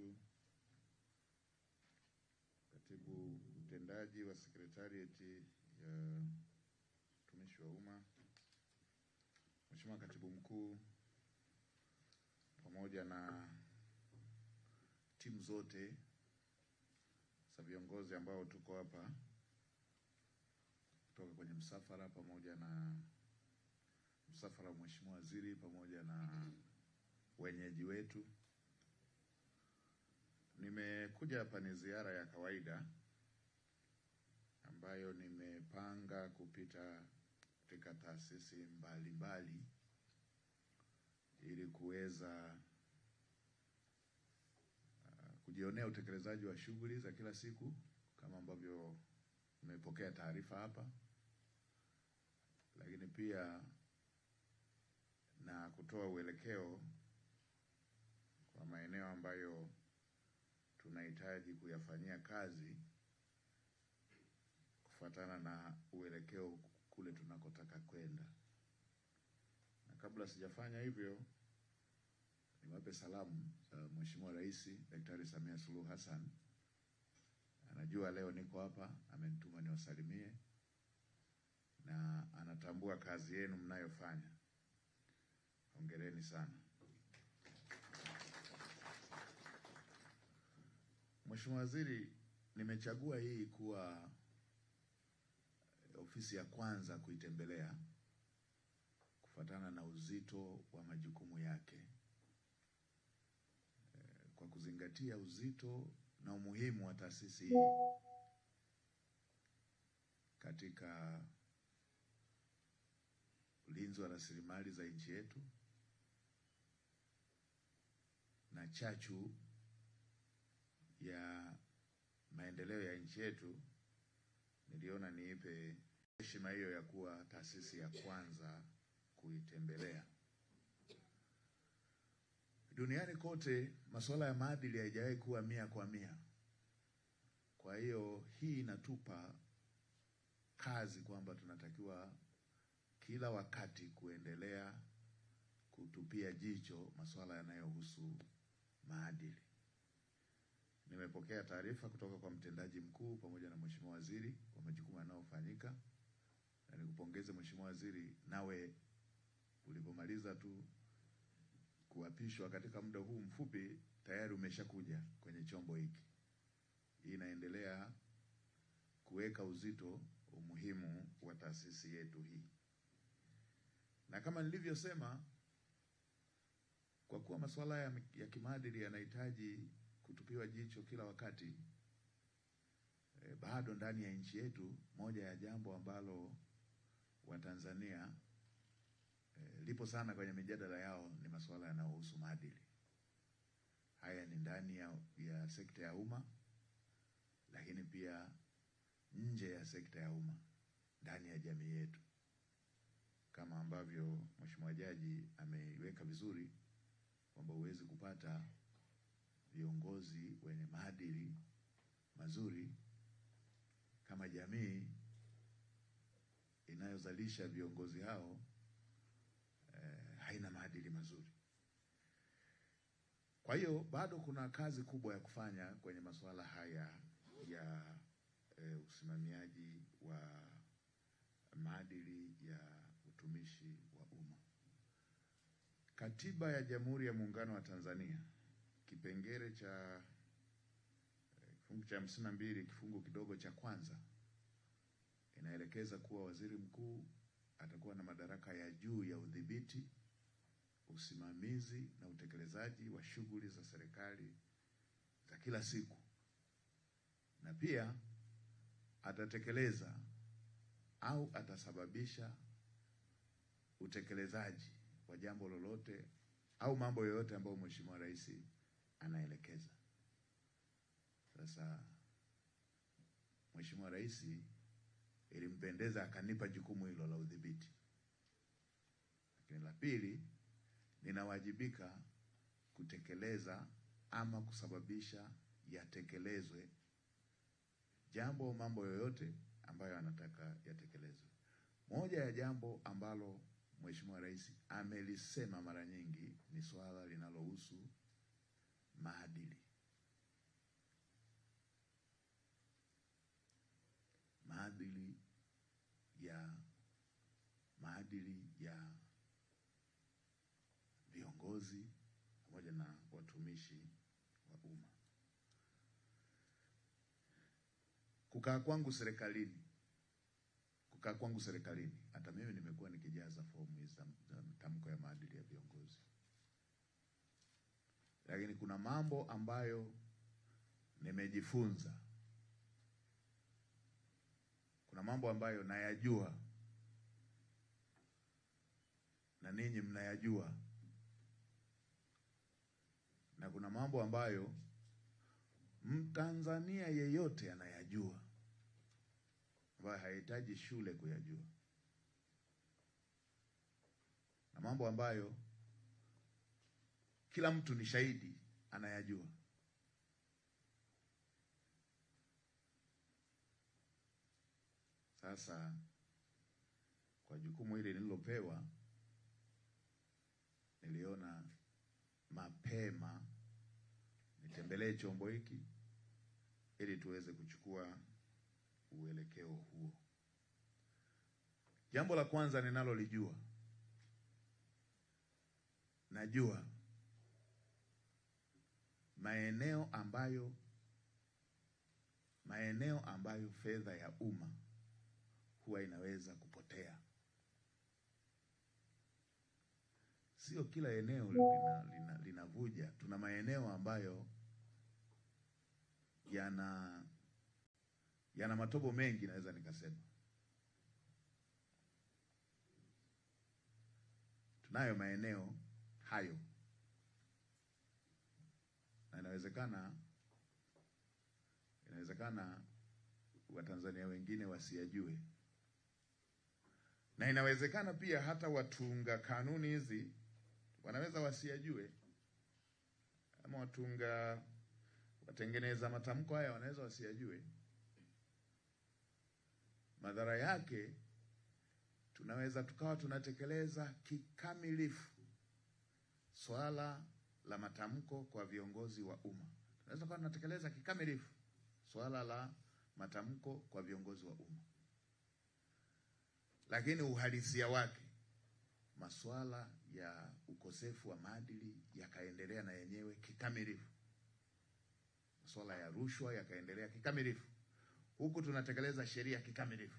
wetu, katibu mtendaji wa sekretarieti ya utumishi wa umma, Mheshimiwa katibu mkuu, pamoja na timu zote za viongozi ambao tuko hapa kutoka kwenye msafara pamoja na msafara wa Mheshimiwa Waziri pamoja na wenyeji wetu nimekuja hapa ni ziara ya kawaida ambayo nimepanga kupita katika taasisi mbalimbali ili kuweza uh, kujionea utekelezaji wa shughuli za kila siku kama ambavyo nimepokea taarifa hapa, lakini pia na kutoa uelekeo kwa maeneo ambayo tunahitaji kuyafanyia kazi kufuatana na uelekeo kule tunakotaka kwenda. Na kabla sijafanya hivyo, niwape salamu za Mheshimiwa Rais Daktari Samia Suluhu Hassan. Anajua leo niko hapa, amenituma niwasalimie na anatambua kazi yenu mnayofanya. Hongereni sana. Mheshimiwa Waziri, nimechagua hii kuwa ofisi ya kwanza kuitembelea kufuatana na uzito wa majukumu yake. Eh, kwa kuzingatia uzito na umuhimu wa taasisi hii katika ulinzi wa rasilimali za nchi yetu na chachu ya maendeleo ya nchi yetu, niliona niipe heshima hiyo ya kuwa taasisi ya kwanza kuitembelea. Duniani kote masuala ya maadili haijawahi kuwa mia kwa mia. Kwa hiyo hii inatupa kazi kwamba tunatakiwa kila wakati kuendelea kutupia jicho masuala yanayohusu maadili. Nimepokea taarifa kutoka kwa mtendaji mkuu pamoja na mheshimiwa waziri kwa majukumu yanayofanyika, na nikupongeze mheshimiwa waziri, nawe ulipomaliza tu kuapishwa katika muda huu mfupi tayari umeshakuja kwenye chombo hiki. Hii inaendelea kuweka uzito umuhimu wa taasisi yetu hii, na kama nilivyosema, kwa kuwa masuala ya, ya kimaadili yanahitaji kutupiwa jicho kila wakati e, bado ndani ya nchi yetu, moja ya jambo ambalo Watanzania e, eh, lipo sana kwenye mijadala yao ni masuala yanayohusu maadili. Haya ni ndani ya, ya sekta ya umma, lakini pia nje ya sekta ya umma, ndani ya jamii yetu, kama ambavyo Mheshimiwa Jaji ameiweka vizuri kwamba huwezi kupata viongozi wenye maadili mazuri kama jamii inayozalisha viongozi hao eh, haina maadili mazuri. Kwa hiyo bado kuna kazi kubwa ya kufanya kwenye masuala haya ya eh, usimamiaji wa maadili ya utumishi wa umma. Katiba ya Jamhuri ya Muungano wa Tanzania kipengele cha eh, kifungu cha hamsini na mbili kifungu kidogo cha kwanza inaelekeza kuwa waziri mkuu atakuwa na madaraka ya juu ya udhibiti, usimamizi na utekelezaji wa shughuli za serikali za kila siku, na pia atatekeleza au atasababisha utekelezaji wa jambo lolote au mambo yoyote ambayo Mheshimiwa Rais anaelekeza. Sasa Mheshimiwa Rais ilimpendeza akanipa jukumu hilo la udhibiti, lakini la pili, ninawajibika kutekeleza ama kusababisha yatekelezwe jambo mambo yoyote ambayo anataka yatekelezwe. Moja ya jambo ambalo Mheshimiwa Rais amelisema mara nyingi ni swala linalohusu maadili. Maadili ya maadili ya viongozi pamoja na watumishi wa umma. Kukaa kwangu serikalini, kukaa kwangu serikalini, hata mimi nimekuwa nikijaza fomu za tamko ya maadili ya viongozi lakini kuna mambo ambayo nimejifunza, kuna mambo ambayo nayajua na ninyi mnayajua, na kuna mambo ambayo Mtanzania yeyote anayajua ambayo hahitaji shule kuyajua na mambo ambayo kila mtu ni shahidi anayajua. Sasa kwa jukumu hili nililopewa, niliona mapema nitembelee chombo hiki ili tuweze kuchukua uelekeo huo. Jambo la kwanza ninalolijua, najua maeneo ambayo maeneo ambayo fedha ya umma huwa inaweza kupotea. Sio kila eneo lina, linavuja. Tuna maeneo ambayo yana yana matobo mengi, naweza nikasema tunayo maeneo hayo inawezekana inawezekana Watanzania wengine wasiyajue, na inawezekana pia hata watunga kanuni hizi wanaweza wasiyajue, ama watunga watengeneza matamko haya wanaweza wasiyajue. Madhara yake tunaweza tukawa tunatekeleza kikamilifu swala la matamko kwa viongozi wa umma. Tunaweza kuwa tunatekeleza kikamilifu swala la matamko kwa viongozi wa umma, lakini uhalisia wake, masuala ya ukosefu wa maadili yakaendelea na yenyewe kikamilifu, masuala ya rushwa yakaendelea kikamilifu, huku tunatekeleza sheria kikamilifu.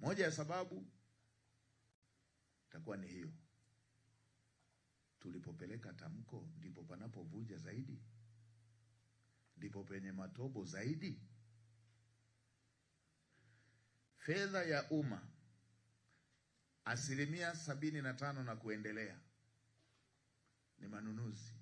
Moja ya sababu itakuwa ni hiyo. Tulipopeleka tamko ndipo panapovuja zaidi, ndipo penye matobo zaidi. Fedha ya umma asilimia sabini na tano na kuendelea ni manunuzi.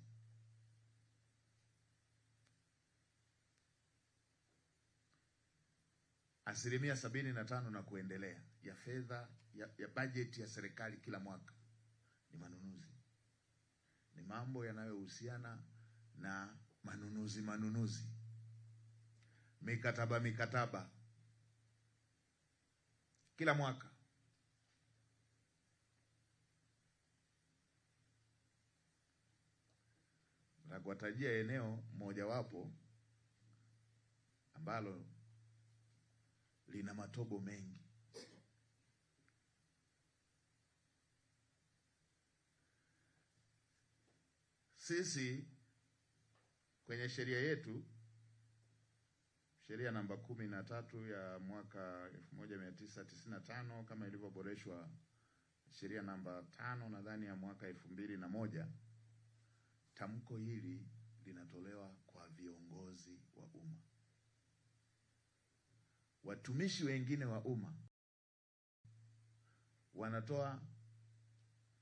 Asilimia sabini na tano na kuendelea ya fedha ya, ya bajeti ya serikali kila mwaka ni manunuzi, ni mambo yanayohusiana na manunuzi, manunuzi, mikataba, mikataba kila mwaka. Na kuwatajia eneo mojawapo ambalo lina matobo mengi sisi kwenye sheria yetu, sheria namba kumi na tatu ya mwaka 1995 kama ilivyoboreshwa sheria namba tano nadhani ya mwaka elfu mbili na moja, tamko hili linatolewa kwa viongozi wa umma. Watumishi wengine wa umma wanatoa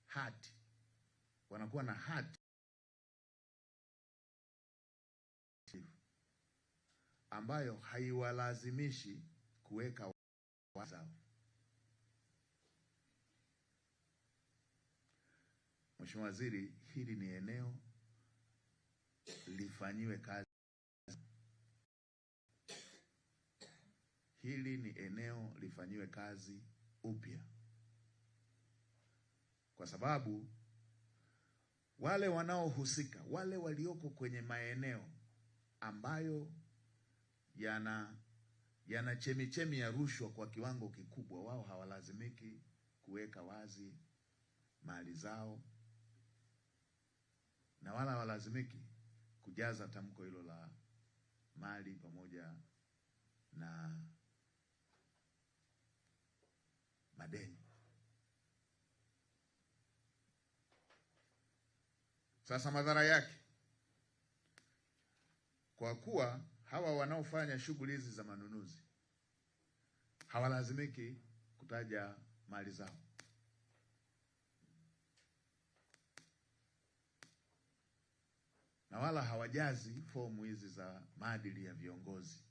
hati, wanakuwa na hati ambayo haiwalazimishi kuweka zao. Mheshimiwa Waziri, hili ni eneo lifanyiwe kazi. Hili ni eneo lifanyiwe kazi upya, kwa sababu wale wanaohusika, wale walioko kwenye maeneo ambayo yana yana chemichemi ya rushwa kwa kiwango kikubwa. Wao hawalazimiki kuweka wazi mali zao na wala hawalazimiki kujaza tamko hilo la mali pamoja na madeni. Sasa madhara yake kwa kuwa hawa wanaofanya shughuli hizi za manunuzi hawalazimiki kutaja mali zao. na wala hawajazi fomu hizi za maadili ya viongozi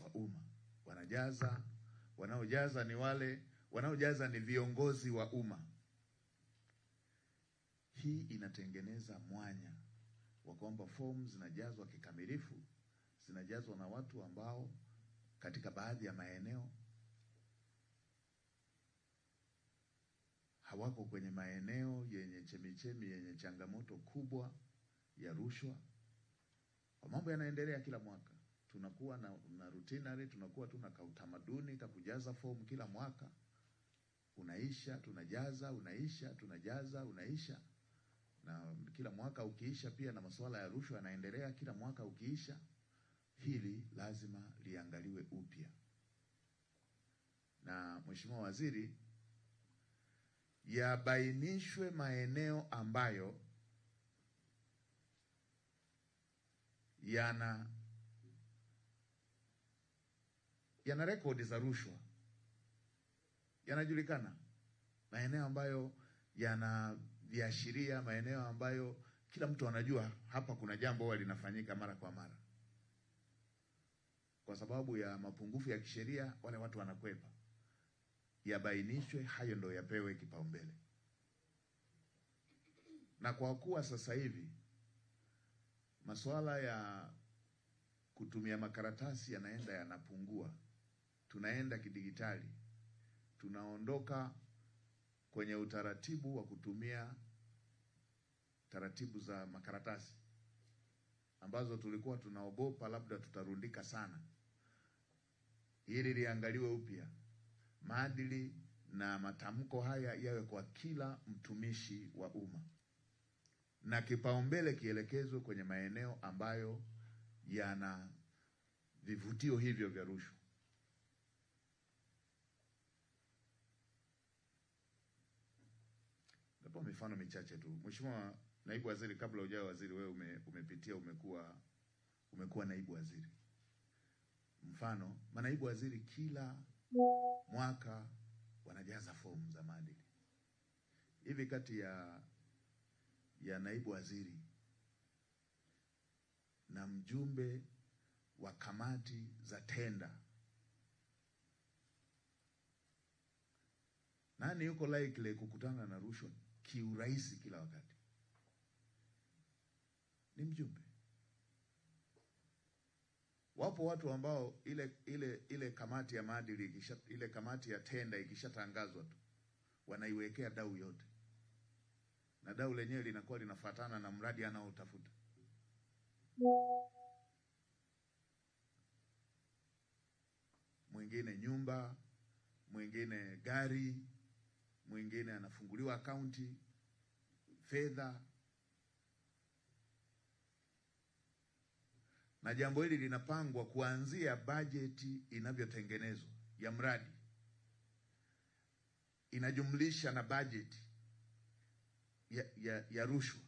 wa umma. Wanajaza, wanaojaza ni wale wanaojaza ni viongozi wa umma. Hii inatengeneza mwanya wa kwamba fomu zinajazwa kikamilifu zinajazwa na watu ambao katika baadhi ya maeneo hawako kwenye maeneo yenye chemichemi yenye changamoto kubwa ya rushwa. Kwa mambo yanaendelea kila mwaka, tunakuwa na, na rutinary, tunakuwa na kautamaduni kakujaza fomu kila mwaka, unaisha tunajaza, unaisha tunajaza, unaisha na kila mwaka ukiisha, pia na masuala ya rushwa yanaendelea kila mwaka ukiisha hili lazima liangaliwe upya, na Mheshimiwa Waziri, yabainishwe maeneo ambayo yana yana rekodi za rushwa yanajulikana, maeneo ambayo yana viashiria, maeneo ambayo kila mtu anajua hapa kuna jambo huwa linafanyika mara kwa mara kwa sababu ya mapungufu ya kisheria, wale watu wanakwepa, yabainishwe hayo, ndo yapewe kipaumbele. Na kwa kuwa sasa hivi masuala ya kutumia makaratasi yanaenda yanapungua, tunaenda kidigitali, tunaondoka kwenye utaratibu wa kutumia taratibu za makaratasi ambazo tulikuwa tunaogopa labda tutarundika sana hili liangaliwe upya, maadili na matamko haya yawe kwa kila mtumishi wa umma, na kipaumbele kielekezwe kwenye maeneo ambayo yana vivutio hivyo vya rushwa. Hapo mifano michache tu. Mheshimiwa Naibu Waziri, kabla hujao waziri, wewe ume, umepitia umekuwa umekuwa naibu waziri Mfano, manaibu waziri kila mwaka wanajaza fomu za maadili. Hivi kati ya ya naibu waziri na mjumbe wa kamati za tenda nani yuko likely kukutana na rushwa kiurahisi kila wakati? Ni mjumbe. Wapo watu ambao ile ile ile kamati ya maadili ikisha, ile kamati ya tenda ikishatangazwa tu wanaiwekea dau yote, na dau lenyewe linakuwa linafatana na mradi anaotafuta. Mwingine nyumba, mwingine gari, mwingine anafunguliwa akaunti fedha na jambo hili linapangwa kuanzia bajeti inavyotengenezwa ya mradi inajumlisha na bajeti ya, ya, ya rushwa.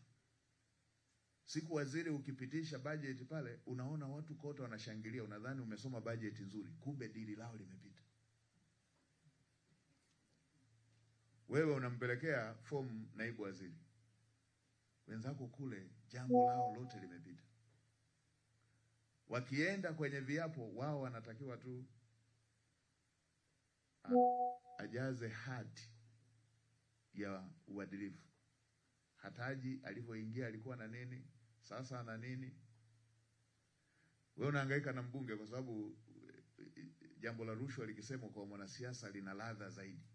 Siku waziri, ukipitisha bajeti pale, unaona watu kote wanashangilia, unadhani umesoma bajeti nzuri, kumbe dili lao limepita. Wewe unampelekea fomu naibu waziri, wenzako kule jambo lao lote limepita wakienda kwenye viapo wao wanatakiwa tu ajaze hati ya uadilifu. Hataji alivyoingia alikuwa na nini, sasa ana nini? We unahangaika na mbunge kwa sababu e, e, e, jambo la rushwa likisemwa kwa mwanasiasa lina ladha zaidi.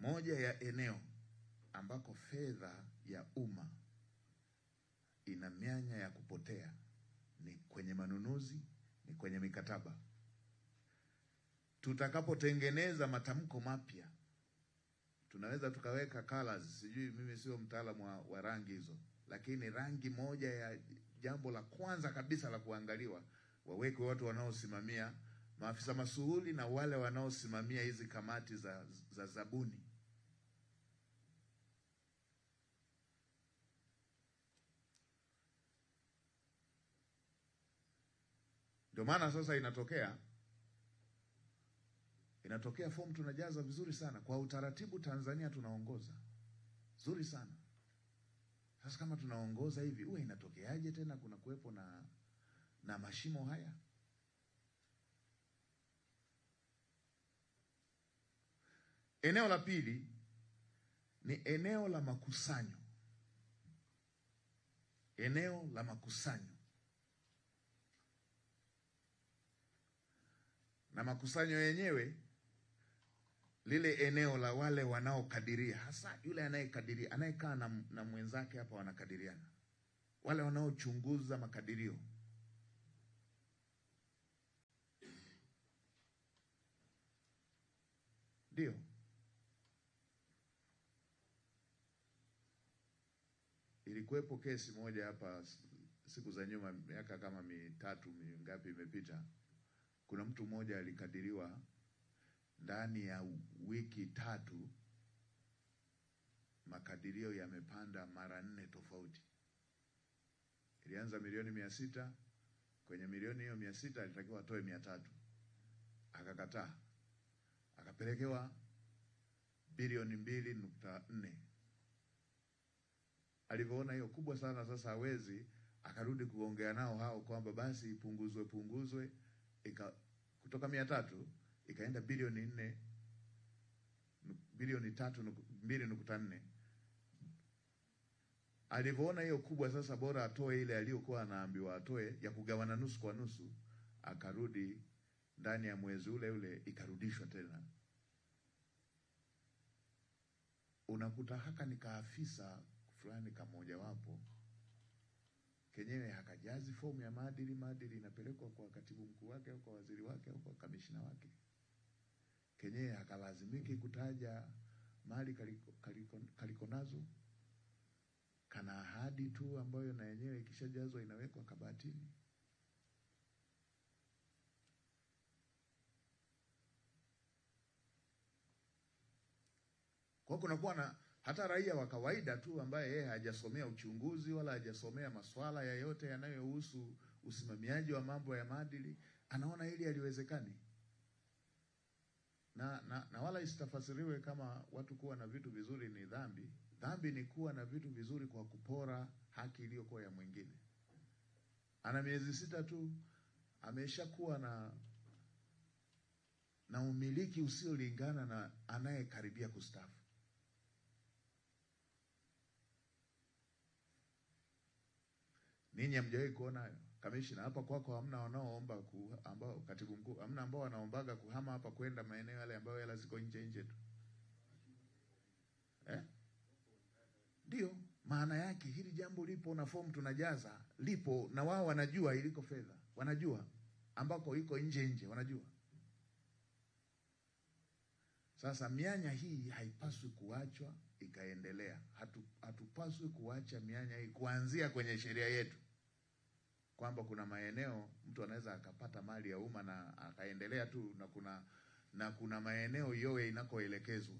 moja ya eneo ambako fedha ya umma ina mianya ya kupotea ni kwenye manunuzi, ni kwenye mikataba. Tutakapotengeneza matamko mapya, tunaweza tukaweka colors, sijui mimi sio mtaalamu wa, wa rangi hizo, lakini rangi moja ya jambo la kwanza kabisa la kuangaliwa, wawekwe watu wanaosimamia maafisa masuhuli na wale wanaosimamia hizi kamati za, za zabuni Ndio maana sasa inatokea inatokea fomu tunajaza vizuri sana kwa utaratibu. Tanzania tunaongoza zuri sana sasa. Kama tunaongoza hivi, uwe inatokeaje tena kuna kuwepo na na mashimo haya? Eneo la pili ni eneo la makusanyo, eneo la makusanyo na makusanyo yenyewe lile eneo la wale wanaokadiria, hasa yule anayekadiria, anayekaa na, na mwenzake hapa, wanakadiriana wale wanaochunguza makadirio ndio ilikuwepo kesi moja hapa siku za nyuma, miaka kama mitatu mingapi imepita. Kuna mtu mmoja alikadiriwa ndani ya wiki tatu makadirio yamepanda mara nne tofauti. Ilianza milioni mia sita, kwenye milioni hiyo mia sita alitakiwa atoe mia tatu akakataa, akapelekewa bilioni mbili nukta nne. Alivyoona hiyo kubwa sana, sasa hawezi, akarudi kuongea nao hao kwamba basi ipunguzwe punguzwe ika, kutoka mia tatu ikaenda bilioni nne bilioni tatu mbili nukuta nne Alivyoona hiyo kubwa, sasa bora atoe ile aliyokuwa anaambiwa atoe ya kugawana nusu kwa nusu, akarudi ndani ya mwezi ule ule ikarudishwa tena. Unakuta haka ni kaafisa fulani kamojawapo kenyewe hakajazi fomu ya maadili, maadili inapelekwa kwa katibu mkuu wake au kwa waziri wake au kwa kamishina wake. Kenyewe hakalazimiki kutaja mali kaliko, kaliko, kaliko nazo. Kana ahadi tu ambayo na yenyewe ikishajazwa inawekwa kabatini. Kwa hiyo kunakuwa na hata raia wa kawaida tu ambaye yeye hajasomea uchunguzi wala hajasomea masuala yoyote yanayohusu usimamiaji wa mambo ya maadili anaona hili haliwezekani, na, na, na wala isitafasiriwe kama watu kuwa na vitu vizuri ni dhambi. Dhambi ni kuwa na vitu vizuri kwa kupora haki iliyokuwa ya mwingine. Ana miezi sita tu ameshakuwa na na umiliki usiolingana na anayekaribia kustaafu. Ninyi hamjawahi kuona hayo? Kamishna, hapa kwako hamna wanaoomba ku, ambao katibu mkuu, hamna ambao wanaombaga kuhama hapa kwenda maeneo yale ambayo hela ziko nje nje tu eh? Ndio maana yake hili jambo lipo na fomu tunajaza lipo, na wao wanajua iliko fedha, wanajua ambako iko nje nje, wanajua. Sasa mianya hii haipaswi kuachwa ikaendelea. Hatu, hatupaswi kuacha mianya hii kuanzia kwenye sheria yetu kwamba kuna maeneo mtu anaweza akapata mali ya umma na akaendelea tu na kuna na kuna maeneo yowe inakoelekezwa